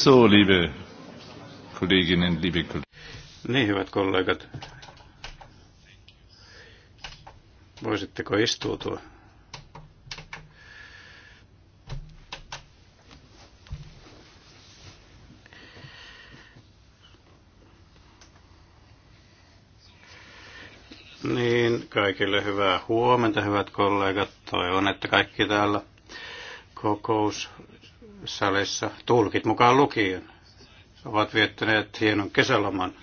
So, liebe Kolleginnen, liebe Kollegen. Niin, hyvät kollegat. Voisitteko istuutua? Niin, kaikille hyvää huomenta, hyvät kollegat. Toivon, että kaikki täällä kokous salissa, tulkit mukaan lukien, ovat viettäneet hienon kesäloman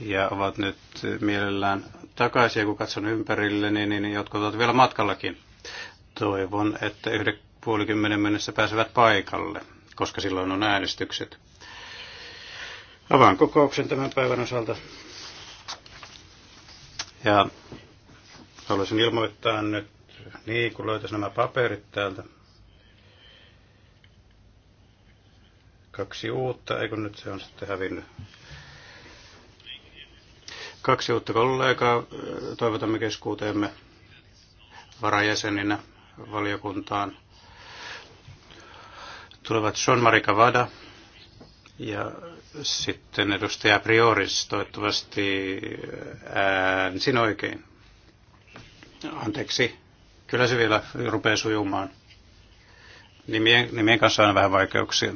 ja ovat nyt mielellään takaisin. Ja kun katson ympärille, niin, niin, niin jotkut ovat vielä matkallakin. Toivon, että yhden puolikymmenen mennessä pääsevät paikalle, koska silloin on äänestykset. Avaan kokouksen tämän päivän osalta. Ja haluaisin ilmoittaa nyt, niin kun löytäisi nämä paperit täältä kaksi uutta, eikö nyt se on sitten hävinnyt. Kaksi uutta kollegaa toivotamme keskuuteemme varajäseninä valiokuntaan. Tulevat sean Marika Vada ja sitten edustaja Prioris, toivottavasti ensin oikein. Anteeksi, kyllä se vielä rupeaa sujumaan. Nimien, nimien kanssa on vähän vaikeuksia.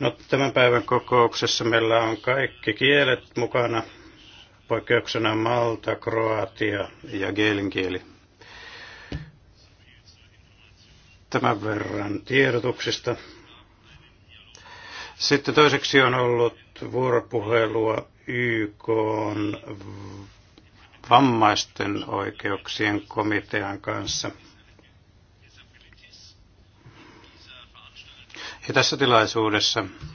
No, tämän päivän kokouksessa meillä on kaikki kielet mukana, poikkeuksena Malta, Kroatia ja Geelin kieli. Tämän verran tiedotuksista. Sitten toiseksi on ollut vuoropuhelua YK vammaisten oikeuksien komitean kanssa – Ja tässä tilaisuudessa 27.–28.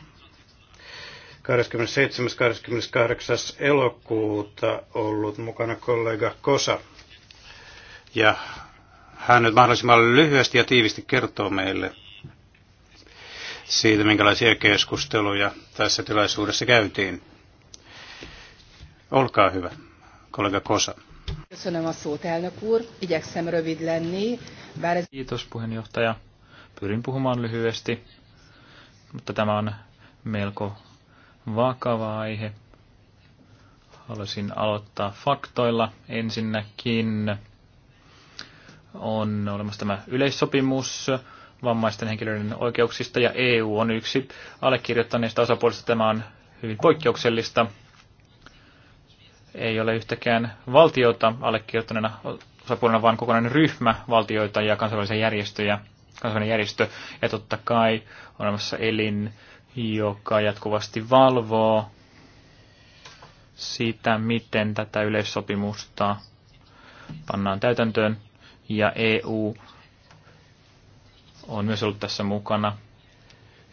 elokuuta ollut mukana kollega Kosa. Ja hän nyt mahdollisimman lyhyesti ja tiivisti kertoo meille siitä, minkälaisia keskusteluja tässä tilaisuudessa käytiin. Olkaa hyvä, kollega Kosa. Kiitos, puheenjohtaja. Pyrin puhumaan lyhyesti mutta tämä on melko vakava aihe. Haluaisin aloittaa faktoilla. Ensinnäkin on olemassa tämä yleissopimus vammaisten henkilöiden oikeuksista ja EU on yksi allekirjoittaneista osapuolista. Tämä on hyvin poikkeuksellista. Ei ole yhtäkään valtiota allekirjoittaneena osapuolena, vaan kokonainen ryhmä valtioita ja kansainvälisiä järjestöjä – kansainvälinen järjestö. Ja totta kai on olemassa elin, joka jatkuvasti valvoo sitä, miten tätä yleissopimusta pannaan täytäntöön. Ja EU on myös ollut tässä mukana.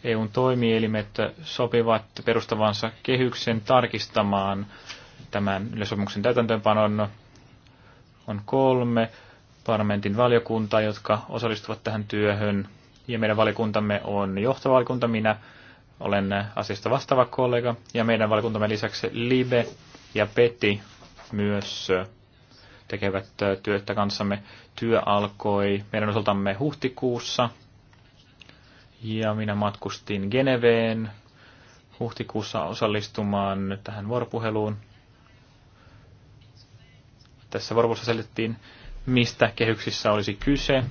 EUn toimielimet sopivat perustavansa kehyksen tarkistamaan tämän yleissopimuksen täytäntöönpanon. On kolme parlamentin valiokunta, jotka osallistuvat tähän työhön. Ja meidän valiokuntamme on johtava valiokunta, minä olen asiasta vastaava kollega. Ja meidän valiokuntamme lisäksi Libe ja Peti myös tekevät työtä kanssamme. Työ alkoi meidän osaltamme huhtikuussa. Ja minä matkustin Geneveen huhtikuussa osallistumaan tähän vuoropuheluun. Tässä vuoropuhelussa selitettiin mistä kehyksissä olisi kyse.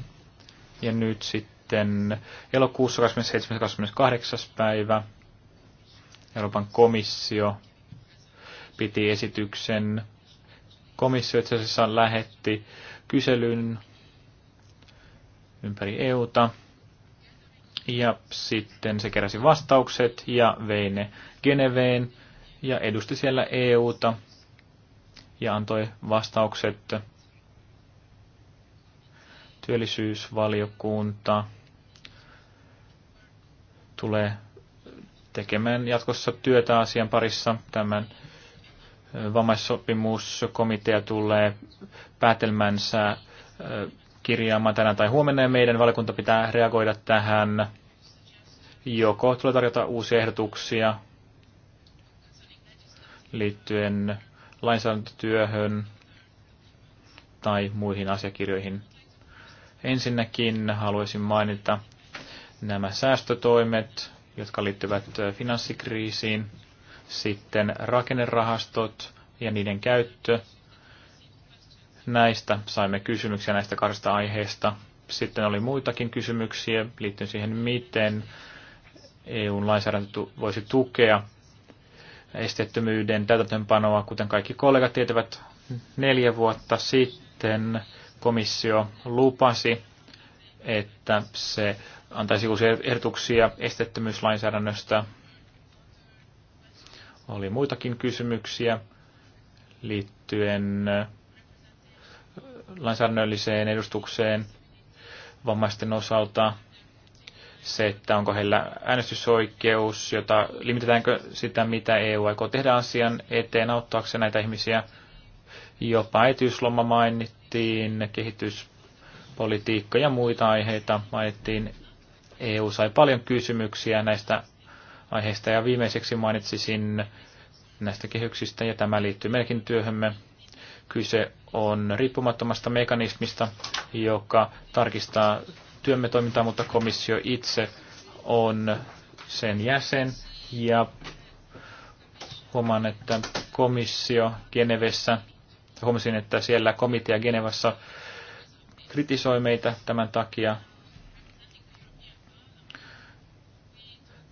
Ja nyt sitten elokuussa 27. 28. päivä Euroopan komissio piti esityksen. Komissio itse asiassa lähetti kyselyn ympäri EUta. Ja sitten se keräsi vastaukset ja vei ne Geneveen ja edusti siellä EUta ja antoi vastaukset Työllisyysvaliokunta tulee tekemään jatkossa työtä asian parissa. Tämän vammaissopimuskomitea tulee päätelmänsä kirjaamaan tänään tai huomenna, ja meidän valiokunta pitää reagoida tähän. Joko tulee tarjota uusia ehdotuksia liittyen lainsäädäntötyöhön tai muihin asiakirjoihin, Ensinnäkin haluaisin mainita nämä säästötoimet, jotka liittyvät finanssikriisiin, sitten rakennerahastot ja niiden käyttö. Näistä saimme kysymyksiä näistä kahdesta aiheesta. Sitten oli muitakin kysymyksiä liittyen siihen, miten EUn lainsäädäntö voisi tukea esteettömyyden täytäntöönpanoa, kuten kaikki kollegat tietävät neljä vuotta sitten komissio lupasi, että se antaisi uusia ehdotuksia esteettömyyslainsäädännöstä. Oli muitakin kysymyksiä liittyen lainsäädännölliseen edustukseen vammaisten osalta. Se, että onko heillä äänestysoikeus, jota limitetäänkö sitä, mitä EU aikoo tehdä asian eteen auttaakseen näitä ihmisiä. Jopa etyysloma mainittu mainittiin kehityspolitiikka ja muita aiheita mainittiin. EU sai paljon kysymyksiä näistä aiheista ja viimeiseksi mainitsisin näistä kehyksistä ja tämä liittyy meidänkin työhömme. Kyse on riippumattomasta mekanismista, joka tarkistaa työmme toimintaa, mutta komissio itse on sen jäsen ja huomaan, että komissio Genevessä Huomasin, että siellä komitea Genevassa kritisoi meitä tämän takia.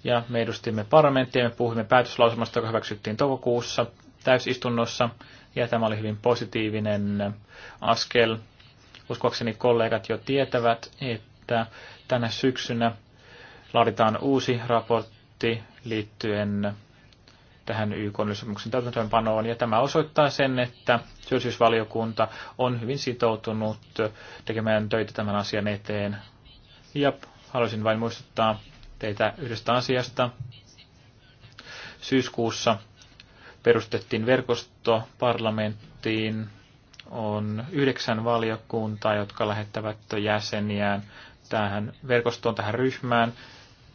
Ja me edustimme parlamenttia, me puhuimme päätöslausumasta, joka hyväksyttiin toukokuussa täysistunnossa. Ja tämä oli hyvin positiivinen askel. Uskoakseni kollegat jo tietävät, että tänä syksynä laaditaan uusi raportti liittyen tähän YK-sopimuksen täytäntöönpanoon. Ja tämä osoittaa sen, että työllisyysvaliokunta on hyvin sitoutunut tekemään töitä tämän asian eteen. Ja haluaisin vain muistuttaa teitä yhdestä asiasta. Syyskuussa perustettiin verkosto parlamenttiin. On yhdeksän valiokuntaa, jotka lähettävät jäseniään tähän verkostoon, tähän ryhmään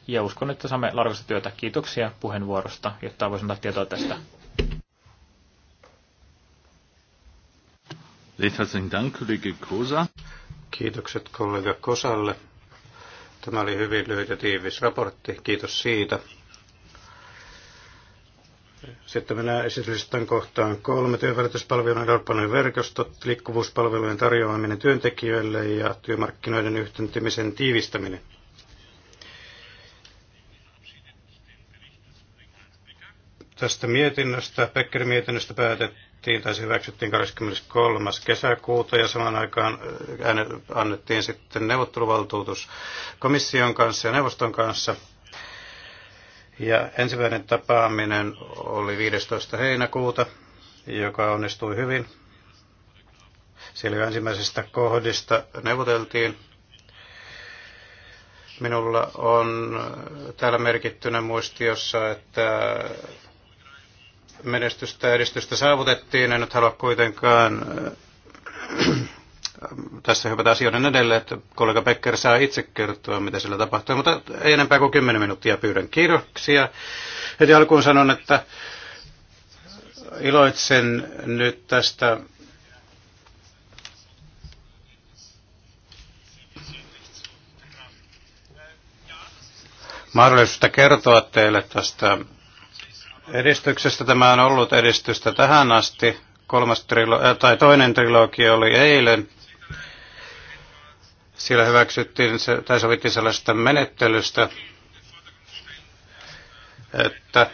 ja uskon, että saamme laadukasta työtä. Kiitoksia puheenvuorosta, jotta voisin antaa tietoa tästä. Kiitokset kollega Kosalle. Tämä oli hyvin lyhyt ja tiivis raportti. Kiitos siitä. Sitten mennään esityslistan kohtaan kolme. Työvälityspalvelujen Euroopan verkostot, liikkuvuuspalvelujen tarjoaminen työntekijöille ja työmarkkinoiden yhtymisen tiivistäminen. Tästä mietinnöstä, Pekkerin mietinnöstä päätettiin tai se hyväksyttiin 23. kesäkuuta ja saman aikaan äh, annettiin sitten neuvotteluvaltuutus komission kanssa ja neuvoston kanssa. Ja ensimmäinen tapaaminen oli 15. heinäkuuta, joka onnistui hyvin. Siellä jo ensimmäisestä kohdista neuvoteltiin. Minulla on täällä merkittynä muistiossa, että menestystä ja edistystä saavutettiin. En nyt halua kuitenkaan äh, tässä hyvät asioiden edelle, että kollega Becker saa itse kertoa, mitä sillä tapahtui, mutta ei enempää kuin 10 minuuttia pyydän kiitoksia. Heti alkuun sanon, että iloitsen nyt tästä mahdollisuudesta kertoa teille tästä Edistyksestä tämä on ollut edistystä tähän asti. Kolmas trilo- äh, tai toinen trilogia oli eilen. Siellä hyväksyttiin se, tai sovittiin sellaisesta menettelystä, että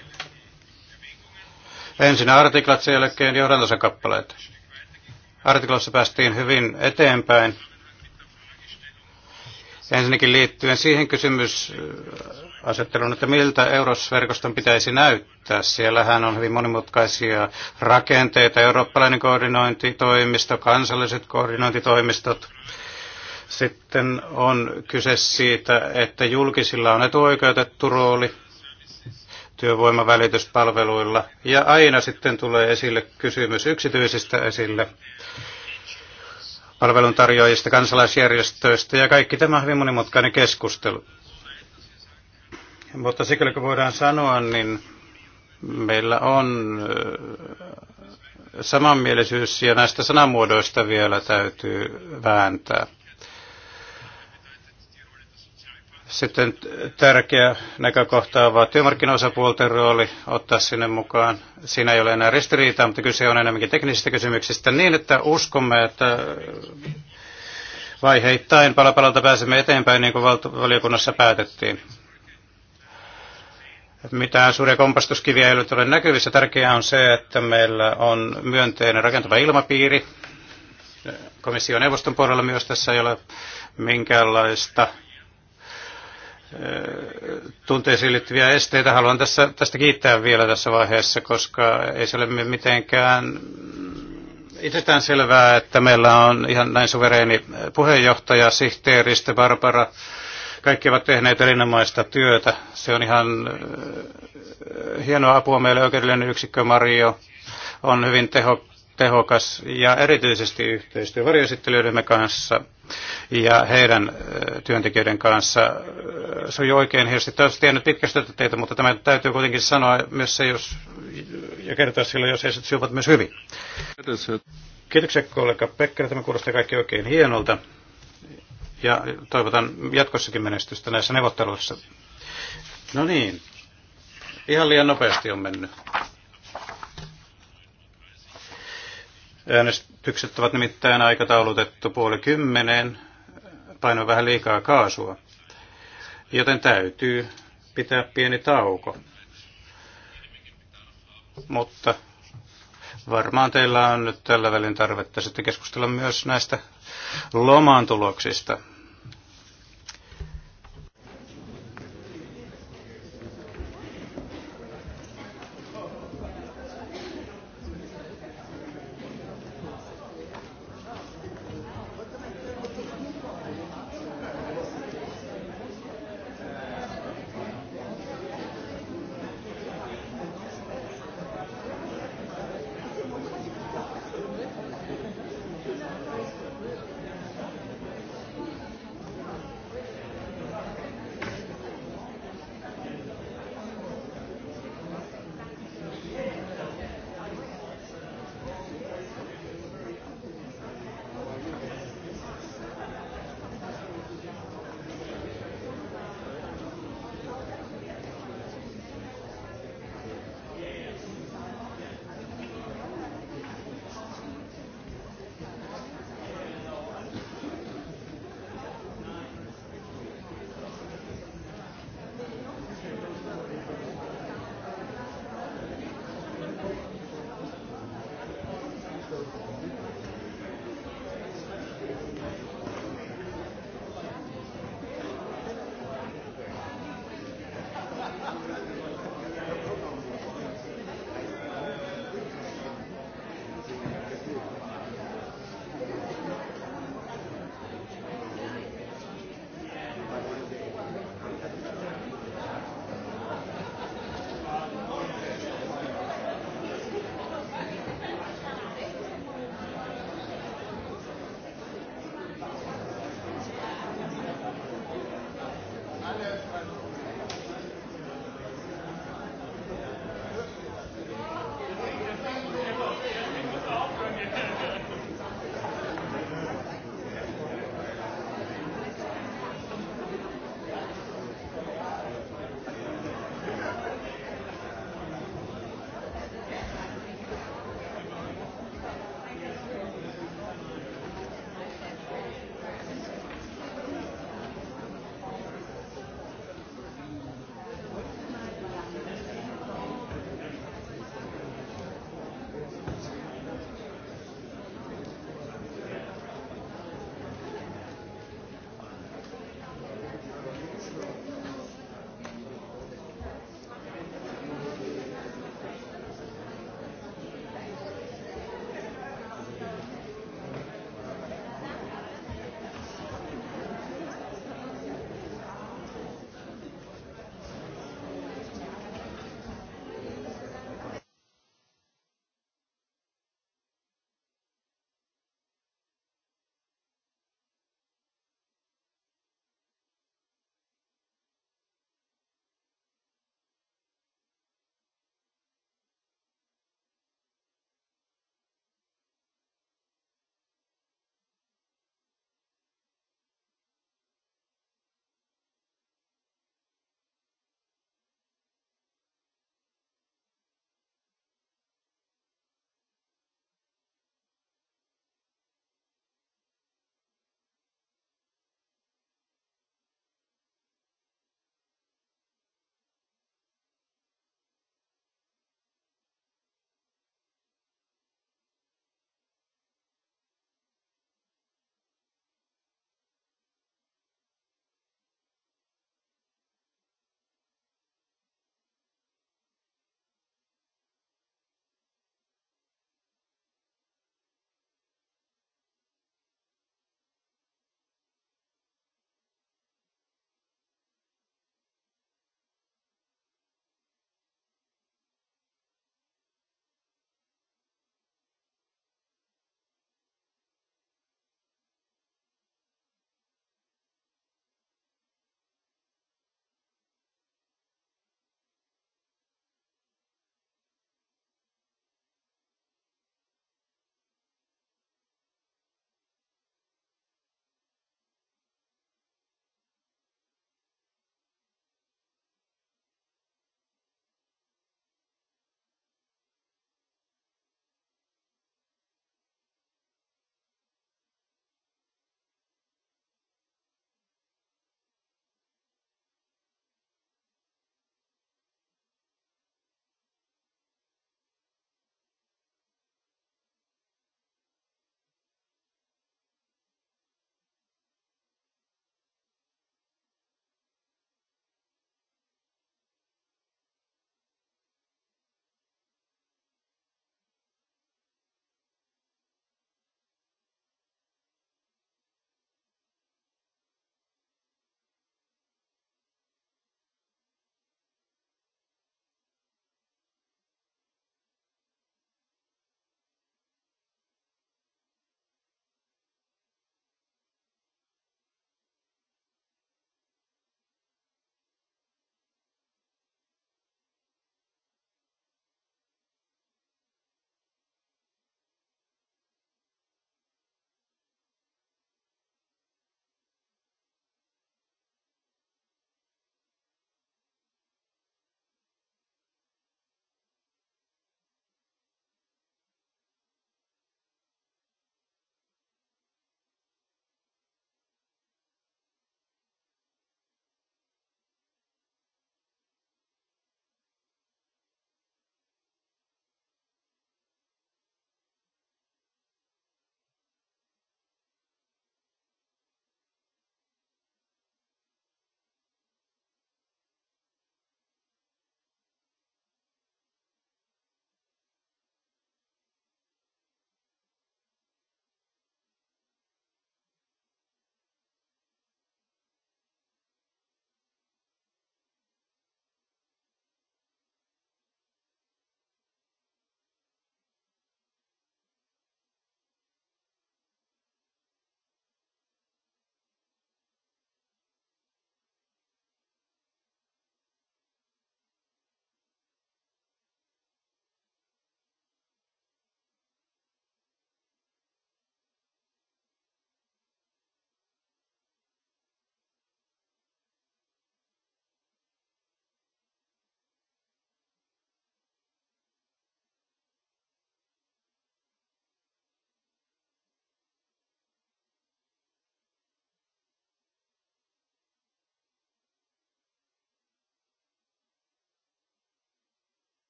ensin artiklat, sen jälkeen johdantosakappaleet. kappaleet. Artiklassa päästiin hyvin eteenpäin Ensinnäkin liittyen siihen kysymys asettelun, että miltä Eurosverkoston pitäisi näyttää. Siellähän on hyvin monimutkaisia rakenteita, eurooppalainen koordinointitoimisto, kansalliset koordinointitoimistot. Sitten on kyse siitä, että julkisilla on etuoikeutettu rooli työvoimavälityspalveluilla. Ja aina sitten tulee esille kysymys yksityisistä esille palveluntarjoajista, kansalaisjärjestöistä ja kaikki tämä on hyvin monimutkainen keskustelu. Mutta sikäli kun voidaan sanoa, niin meillä on samanmielisyys ja näistä sanamuodoista vielä täytyy vääntää. Sitten tärkeä näkökohta on työmarkkinaosapuolten rooli ottaa sinne mukaan. Siinä ei ole enää ristiriitaa, mutta kyse on enemmänkin teknisistä kysymyksistä niin, että uskomme, että vaiheittain palapalalta pääsemme eteenpäin, niin kuin valiokunnassa päätettiin. Mitään suuria kompastuskiviä ei ole näkyvissä. Tärkeää on se, että meillä on myönteinen rakentava ilmapiiri. Komission neuvoston puolella myös tässä ei ole minkäänlaista tunteisiin liittyviä esteitä. Haluan tässä, tästä kiittää vielä tässä vaiheessa, koska ei se ole mitenkään itsestään selvää, että meillä on ihan näin suvereeni puheenjohtaja, sihteeristö Barbara. Kaikki ovat tehneet erinomaista työtä. Se on ihan hienoa apua meille. Oikeudellinen yksikkö Mario on hyvin tehokas tehokas ja erityisesti yhteistyö varjoesittelijöidemme kanssa ja heidän työntekijöiden kanssa on oikein hirveästi. Toivottavasti en nyt pitkästä teitä, mutta tämä täytyy kuitenkin sanoa myös se, jos, ja kertoa silloin, jos esitykset sujuvat myös hyvin. Kiitoksia kollega Pekkerä, tämä kuulostaa kaikki oikein hienolta. Ja toivotan jatkossakin menestystä näissä neuvotteluissa. No niin, ihan liian nopeasti on mennyt. Äänestykset ovat nimittäin aikataulutettu puoli kymmeneen. paino vähän liikaa kaasua. Joten täytyy pitää pieni tauko. Mutta varmaan teillä on nyt tällä välin tarvetta sitten keskustella myös näistä loman tuloksista.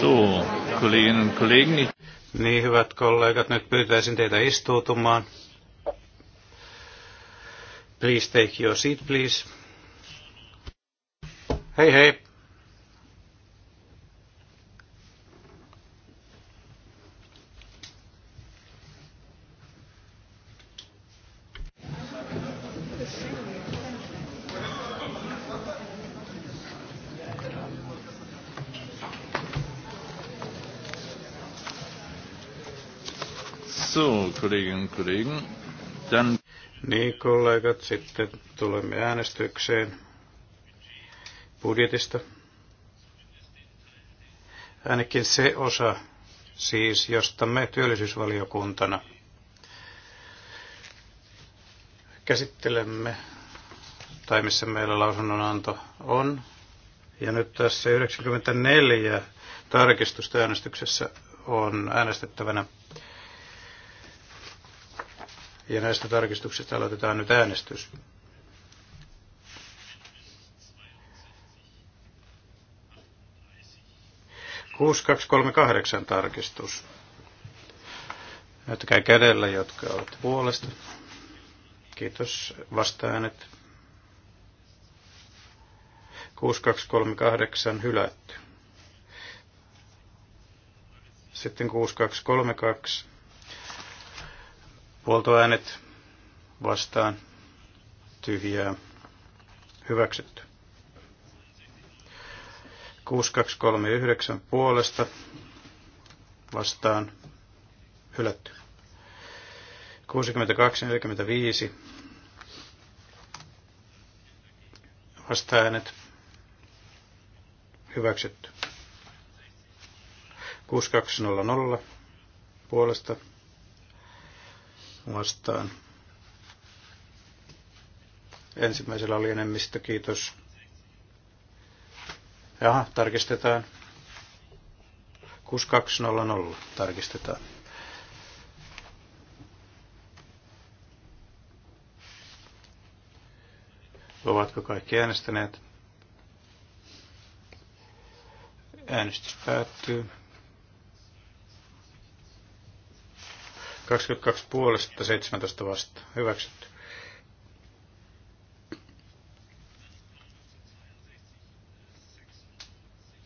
So, Kolleginnen und Kollegen. Niin, hyvät kollegat, nyt pyytäisin teitä istuutumaan. Please take your seat, please. Hei hei! Kolleginnen Kollegen. Dann... Niin, kollegat, sitten tulemme äänestykseen budjetista. Ainakin se osa, siis josta me työllisyysvaliokuntana käsittelemme, tai missä meillä lausunnonanto on. Ja nyt tässä 94 tarkistusta äänestyksessä on äänestettävänä. Ja näistä tarkistuksista aloitetaan nyt äänestys. Kuusi kaksi kolme kahdeksan tarkistus. Näyttäkää kädellä, jotka ovat puolesta. Kiitos vastaajanet. 6238 hylätty. Sitten 6232 Puoltoäänet vastaan tyhjää hyväksytty. 6239 puolesta vastaan hylätty. 6245 vastaäänet hyväksytty. 6200 puolesta vastaan. Ensimmäisellä oli enemmistö, kiitos. Jaha, tarkistetaan. 6200 tarkistetaan. Ovatko kaikki äänestäneet? Äänestys päättyy. 22 puolesta 17 vasta. Hyväksytty.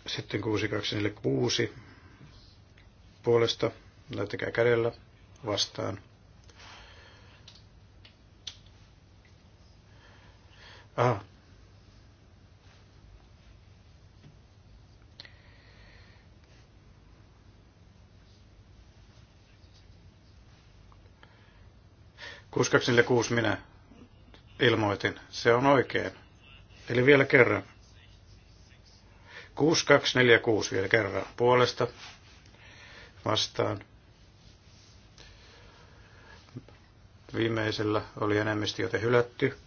Sitten 6246 puolesta. Näyttäkää kädellä vastaan. Aha, 6246 minä ilmoitin. Se on oikein. Eli vielä kerran. 6246 vielä kerran. Puolesta vastaan. Viimeisellä oli enemmistö, joten hylätty.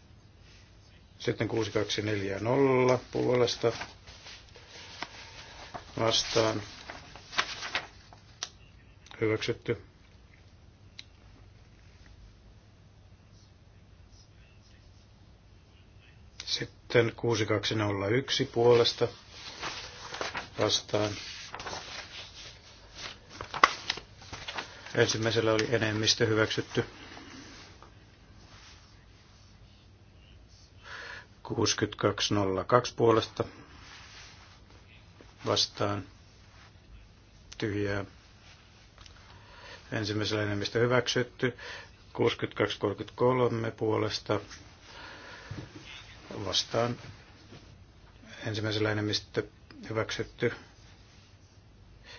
Sitten 6240 puolesta vastaan hyväksytty. Sitten 6201 puolesta vastaan. Ensimmäisellä oli enemmistö hyväksytty. 6202 puolesta vastaan tyhjää. Ensimmäisellä enemmistö hyväksytty. 6233 puolesta vastaan ensimmäisellä enemmistö hyväksytty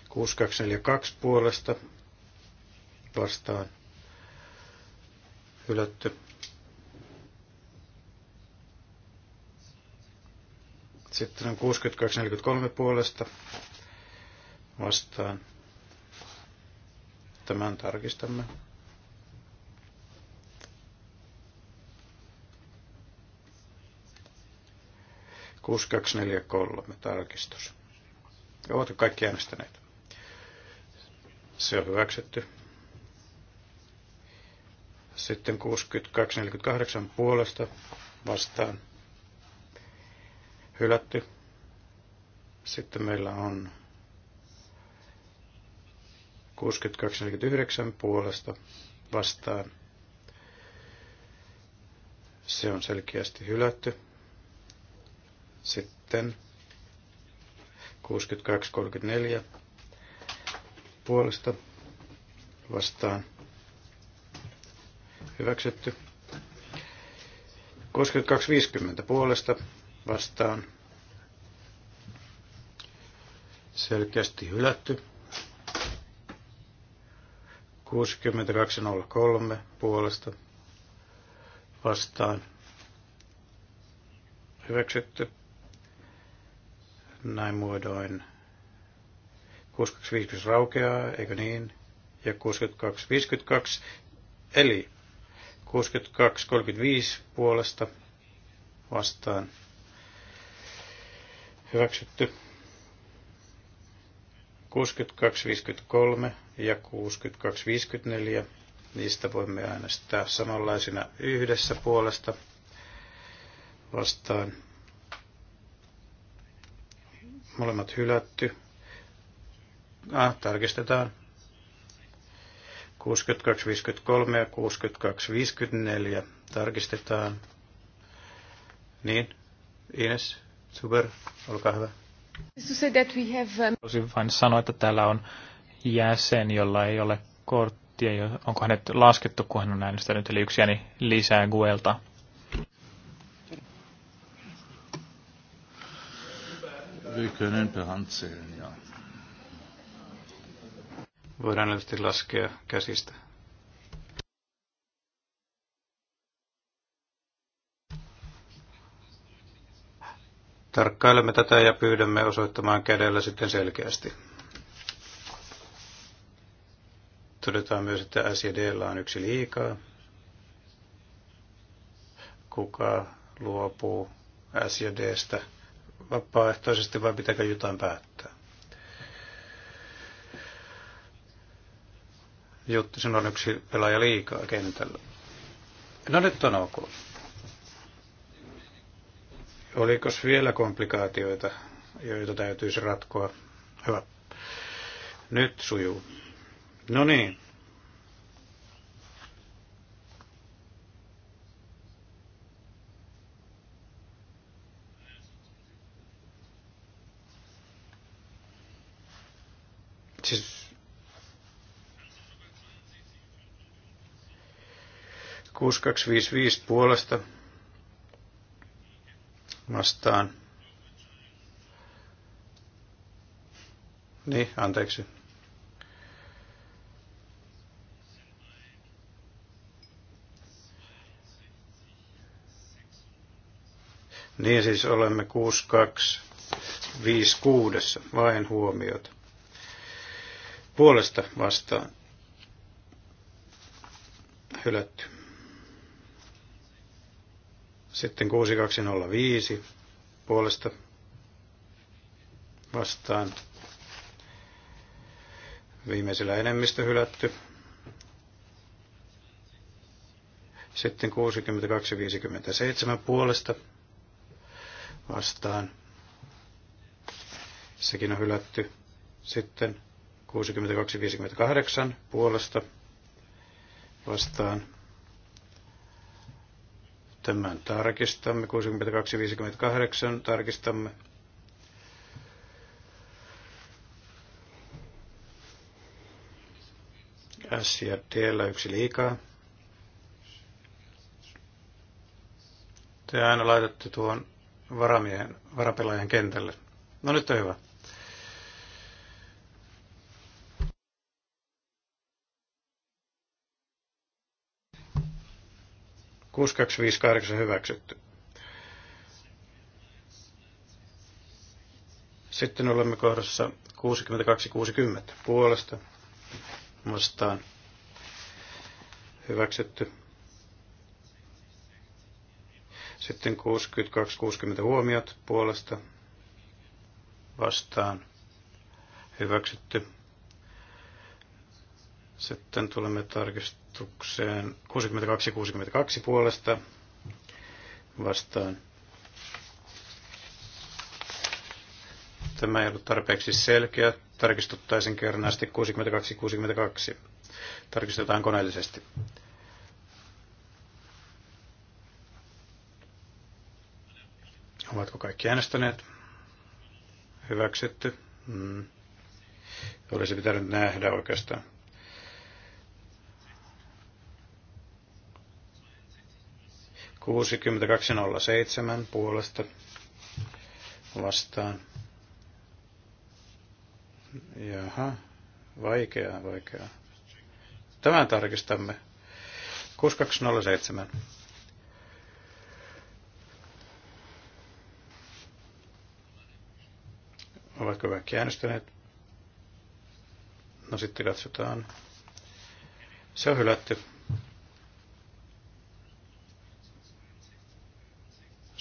6242 puolesta vastaan hylätty. Sitten on 6243 puolesta vastaan. Tämän tarkistamme. 6243 tarkistus. Ovatko kaikki äänestäneet? Se on hyväksytty. Sitten 6248 puolesta vastaan hylätty. Sitten meillä on 6249 puolesta vastaan. Se on selkeästi hylätty. Sitten 62.34 puolesta vastaan hyväksytty. 62.50 puolesta vastaan selkeästi hylätty. 62.03 puolesta vastaan hyväksytty. 62.04 näin muodoin 6250 raukeaa, eikö niin? Ja 6252, eli 6235 puolesta vastaan hyväksytty. 6253 ja 6254, niistä voimme äänestää samanlaisina yhdessä puolesta vastaan Molemmat hylätty. Ah, tarkistetaan. 62.53 ja 62.54 tarkistetaan. Niin, Ines, super, olkaa hyvä. Olisin um, vain sanoa, että täällä on jäsen, jolla ei ole korttia. Onko hänet laskettu, kun hän on äänestänyt, eli yksi jäni lisää Guelta. Wir können per Hand zählen, ja. Voidaan tietysti laskea käsistä. Tarkkailemme tätä ja pyydämme osoittamaan kädellä sitten selkeästi. Todetaan myös, että S ja D on yksi liikaa. Kuka luopuu S ja Dstä? vapaaehtoisesti vai pitääkö jotain päättää? Jutti, sinun on yksi pelaaja liikaa kentällä. No nyt on ok. Oliko vielä komplikaatioita, joita täytyisi ratkoa? Hyvä. Nyt sujuu. No niin. 6255 puolesta vastaan. Niin, anteeksi. Niin siis olemme 6256 vain huomiota. Puolesta vastaan hylätty. Sitten 6205 puolesta vastaan. Viimeisellä enemmistö hylätty. Sitten 6257 puolesta vastaan. Sekin on hylätty. Sitten 6258 puolesta vastaan Tämän tarkistamme. 62.58 tarkistamme. S ja D yksi liikaa. Te aina laitatte tuon varamiehen, varapelaajan kentälle. No nyt on hyvä. 6258 hyväksytty. Sitten olemme kohdassa 6260 puolesta vastaan hyväksytty. Sitten 6260 huomiot puolesta vastaan hyväksytty. Sitten tulemme tarkistukseen 62-62 puolesta vastaan. Tämä ei ollut tarpeeksi selkeä. Tarkistuttaisin asti 62-62. Tarkistetaan koneellisesti. Ovatko kaikki äänestäneet? Hyväksytty. Mm. Olisi pitänyt nähdä oikeastaan. 6207 puolesta vastaan. Jaha, vaikeaa, vaikeaa. Tämän tarkistamme. 6207. Ovatko kaikki äänestäneet? No sitten katsotaan. Se on hylätty.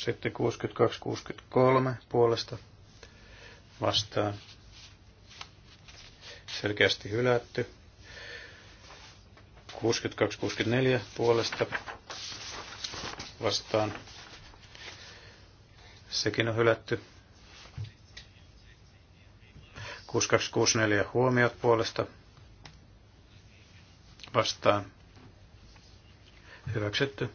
Sitten 62-63 puolesta vastaan. Selkeästi hylätty. 62-64 puolesta vastaan. Sekin on hylätty. 6264 huomiot puolesta vastaan. Hyväksytty.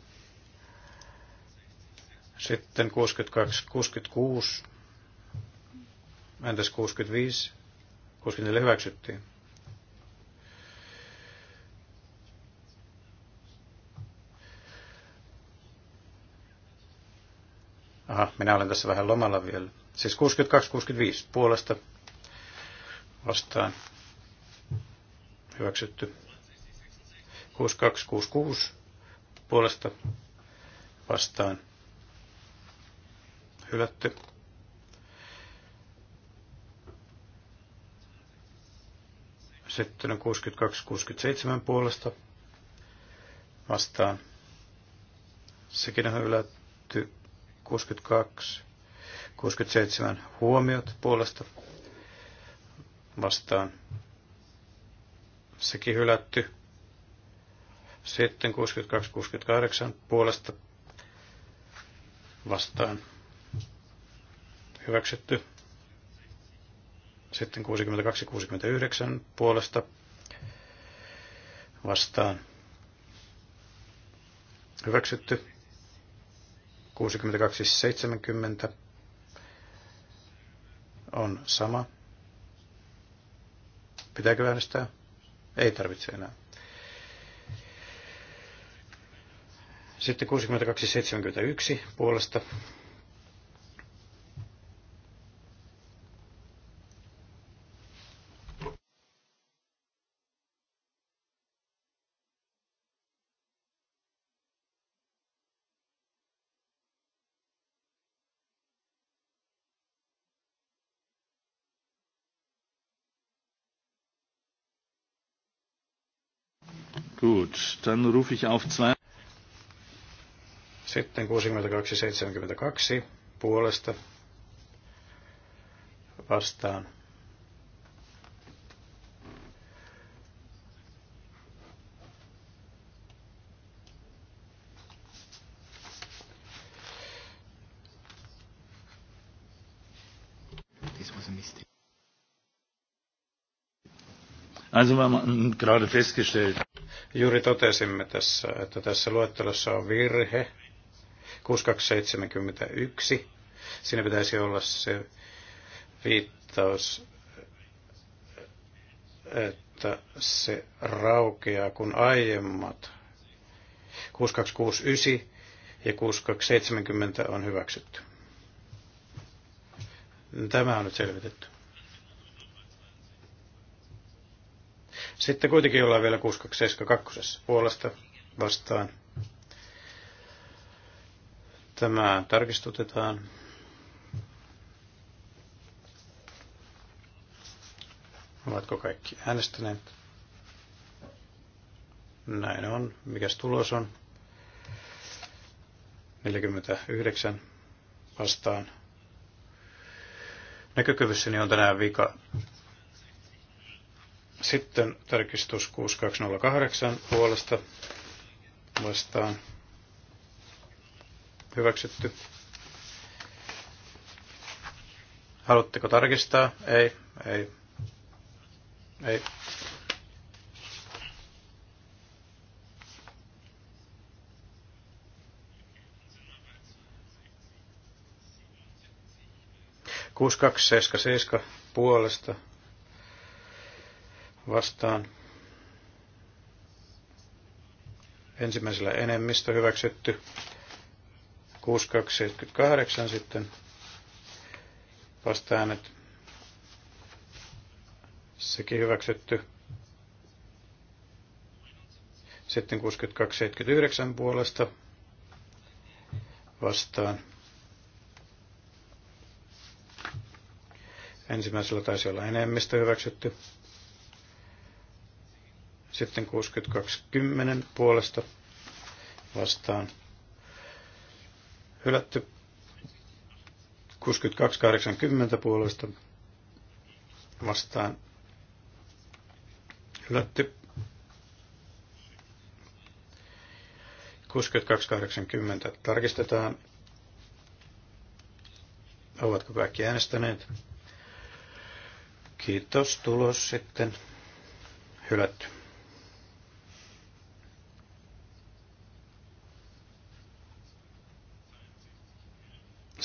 Sitten 62, 66, entäs 65, 64 hyväksyttiin. Aha, minä olen tässä vähän lomalla vielä. Siis 62-65 puolesta vastaan hyväksytty. 62-66 puolesta vastaan Hylätty. Sitten on 62-67 puolesta vastaan. Sekin on hylätty 62. 67 huomiot puolesta vastaan. Sekin hylätty. Sitten 62-68 puolesta vastaan hyväksytty. Sitten 62-69 puolesta vastaan hyväksytty. 62-70 on sama. Pitääkö äänestää? Ei tarvitse enää. Sitten 62-71 puolesta Gut, dann rufe ich auf zwei. Sitten 62-72 puolesta vastaan. Also wir haben gerade festgestellt, Juuri totesimme tässä, että tässä luettelossa on virhe 6271. Siinä pitäisi olla se viittaus, että se raukeaa, kun aiemmat 6269 ja 6270 on hyväksytty. Tämä on nyt selvitetty. Sitten kuitenkin ollaan vielä 6272 puolesta vastaan. Tämä tarkistutetaan. Ovatko kaikki äänestäneet? Näin on. Mikäs tulos on? 49 vastaan. Näkökyvyssäni on tänään vika. Sitten tarkistus 6208 puolesta vastaan hyväksytty. Haluatteko tarkistaa? Ei, ei, ei. Kuusi kaksi seiska seiska puolesta vastaan. Ensimmäisellä enemmistö hyväksytty. 6278 sitten vastaäänet. Sekin hyväksytty. Sitten 6279 puolesta vastaan. Ensimmäisellä taisi olla enemmistö hyväksytty. Sitten 62.10 puolesta vastaan hylätty. 62.80 puolesta vastaan hylätty. 62.80 tarkistetaan. Ovatko kaikki äänestäneet? Kiitos, tulos sitten hylätty.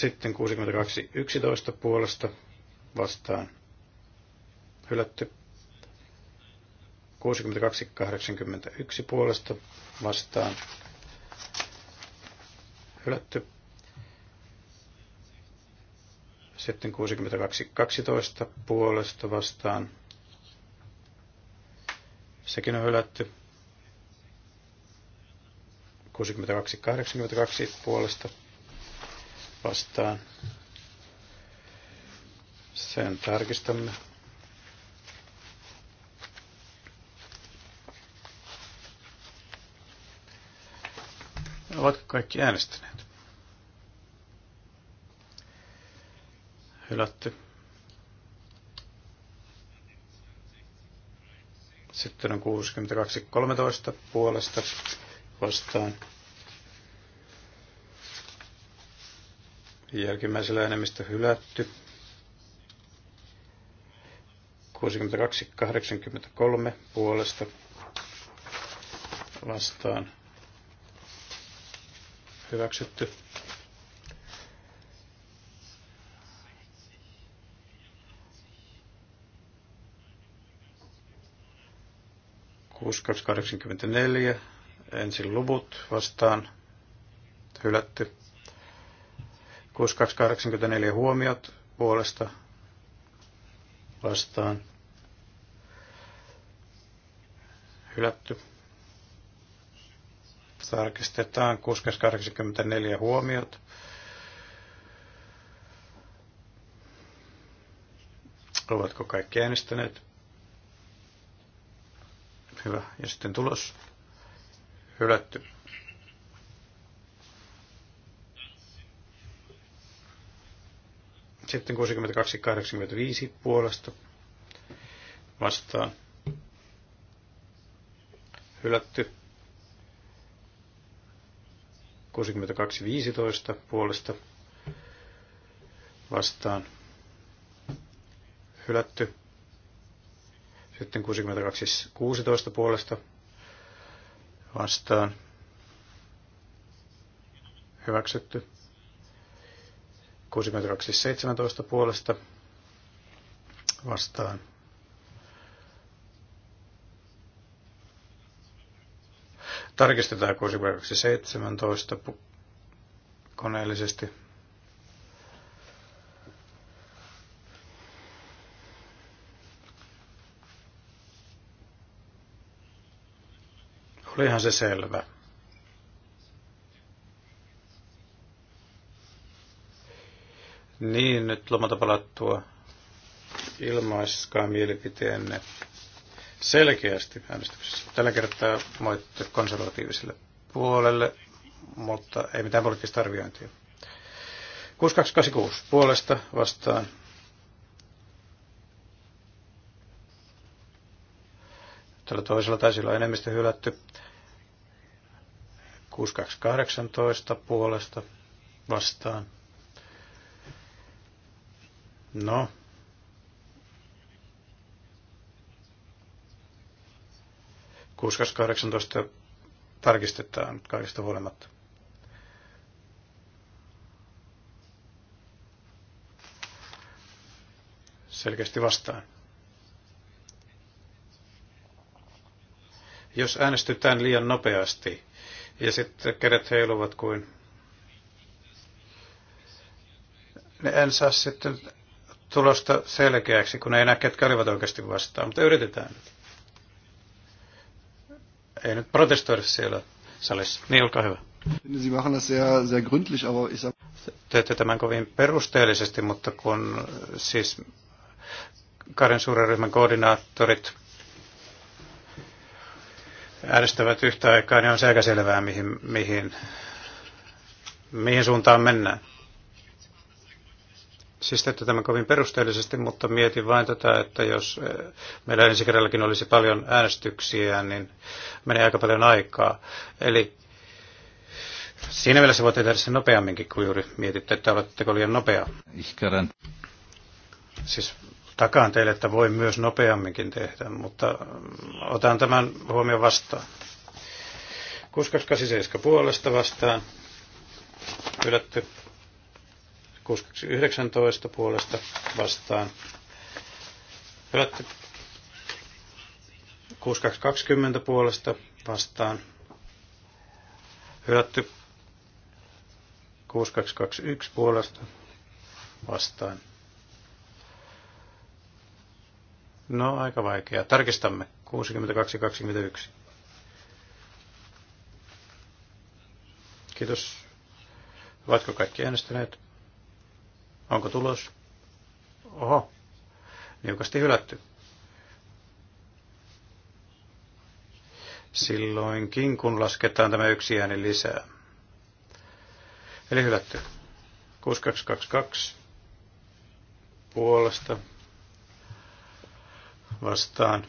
Sitten 62 11 puolesta vastaan hylätty. 62 81 puolesta vastaan hylätty. Sitten 62 12 puolesta vastaan sekin on hylätty. 62 82 puolesta vastaan. Sen tarkistamme. Ovatko kaikki äänestäneet? Hylätty. Sitten on 62.13 puolesta vastaan Jälkimmäisellä enemmistö hylätty. 62-83 puolesta vastaan hyväksytty. Kuusi ensin luvut vastaan hylätty. 6284 huomiot puolesta vastaan. Hylätty. Tarkistetaan 684 huomiot. Ovatko kaikki äänestäneet? Hyvä. Ja sitten tulos. Hylätty. Sitten 62-85 puolesta vastaan hylätty. 62-15 puolesta vastaan hylätty. Sitten 62-16 puolesta vastaan hyväksytty. 62.17 puolesta vastaan. Tarkistetaan 62.17 koneellisesti. Olihan se selvä. Niin, nyt lomalta palattua ilmaiskaa mielipiteenne selkeästi äänestyksessä. Tällä kertaa moitte konservatiiviselle puolelle, mutta ei mitään poliittista arviointia. 6286 puolesta vastaan. Tällä toisella taisi olla enemmistö hylätty. 6218 puolesta vastaan. No. Kuskas 18 tarkistetaan kaikista huolimatta. Selkeästi vastaan. Jos äänestytään liian nopeasti ja sitten kädet heiluvat kuin... Niin en saa sitten tulosta selkeäksi, kun ei enää ketkä olivat oikeasti vastaan, mutta yritetään nyt. Ei nyt protestoida siellä salissa. Niin, olkaa hyvä. Sie machen das sehr, sehr gründlich, aber ich sag... Teette tämän kovin perusteellisesti, mutta kun siis Karin suuren ryhmän koordinaattorit äänestävät yhtä aikaa, niin on selkä selvää, mihin, mihin, mihin suuntaan mennään. Siis teette tämän kovin perusteellisesti, mutta mietin vain tätä, että jos eh, meillä ensi kerrallakin olisi paljon äänestyksiä, niin menee aika paljon aikaa. Eli siinä mielessä voitte tehdä sen nopeamminkin, kun juuri mietitte, että oletteko liian nopea. Ihkärän. Siis takaan teille, että voi myös nopeamminkin tehdä, mutta mm, otan tämän huomioon vastaan. 6.287 puolesta vastaan. Ylätty 619 puolesta vastaan hylätty. 6220 puolesta vastaan hylätty. 6221 puolesta vastaan. No, aika vaikeaa. Tarkistamme. 62-21. Kiitos. Ovatko kaikki äänestäneet? Onko tulos? Oho, niukasti hylätty. Silloinkin, kun lasketaan tämä yksi ääni lisää. Eli hylätty. 6222 puolesta vastaan.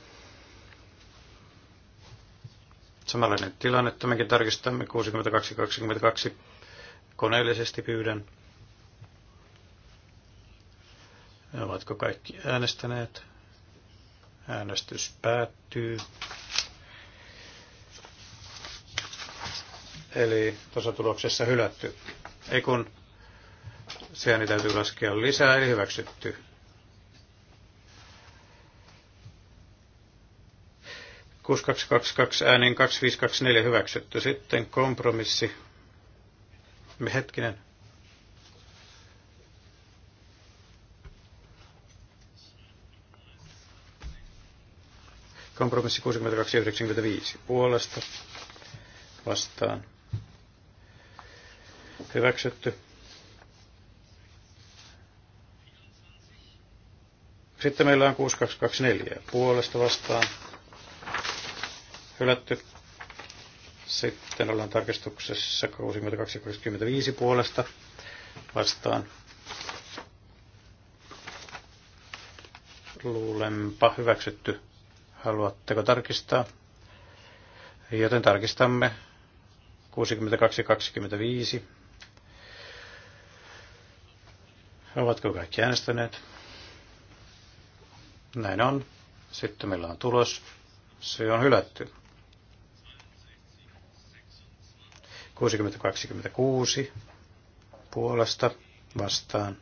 Samanlainen tilanne, tämänkin tarkistamme 6222 koneellisesti pyydän. Ovatko kaikki äänestäneet? Äänestys päättyy. Eli tuossa tuloksessa hylätty. Ei kun sehän täytyy laskea lisää, eli hyväksytty. Kus kaksi kaksi kaksi äänin kaksi viisi kaksi neljä hyväksytty. Sitten kompromissi. Hetkinen. Kompromissi 62.95 puolesta vastaan hyväksytty. Sitten meillä on 6224 puolesta vastaan hylätty. Sitten ollaan tarkistuksessa 6225 puolesta vastaan. Luulenpa hyväksytty Haluatteko tarkistaa? Joten tarkistamme 62-25. Ovatko kaikki äänestäneet? Näin on. Sitten meillä on tulos. Se on hylätty. 60-26 puolesta vastaan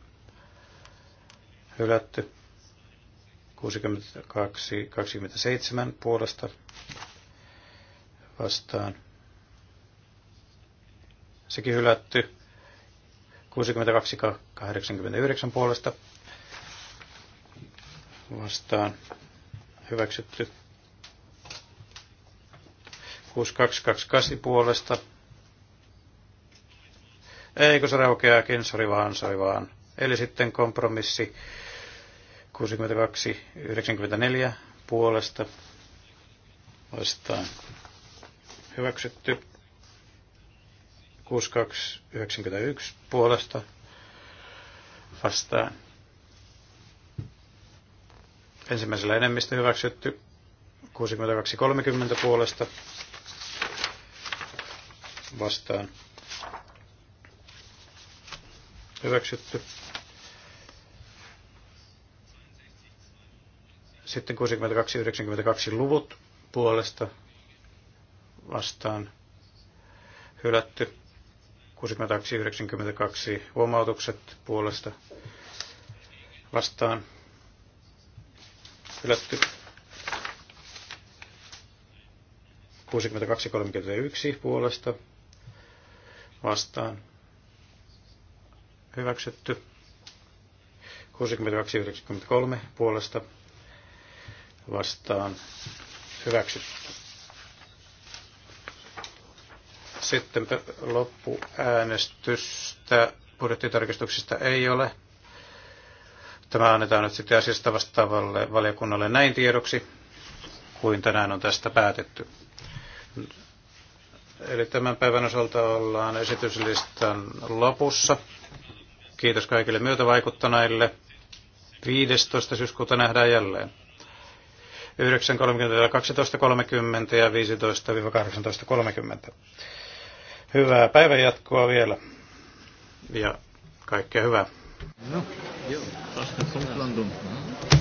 hylätty. 62, 27 puolesta vastaan. Sekin hylätty. 62, 89 puolesta vastaan hyväksytty. 6228 puolesta. Eikö se raukeakin, sori vaan, sori vaan. Eli sitten kompromissi 62, 94 puolesta vastaan hyväksytty. 62, 91 puolesta vastaan ensimmäisellä enemmistö hyväksytty. 62-30 puolesta vastaan hyväksytty. Sitten 62-92 luvut puolesta vastaan hylätty. 62-92 huomautukset puolesta vastaan hylätty. 62-31 puolesta vastaan hyväksytty. 62-93 puolesta vastaan hyväksytty. Sitten loppuäänestystä budjettitarkistuksista ei ole. Tämä annetaan nyt sitten asiasta vastaavalle valiokunnalle näin tiedoksi, kuin tänään on tästä päätetty. Eli tämän päivän osalta ollaan esityslistan lopussa. Kiitos kaikille myötävaikuttaneille. 15. syyskuuta nähdään jälleen. 9.30-12.30 ja 15-18.30. Hyvää päivänjatkoa jatkoa vielä ja kaikkea hyvää. No, joo,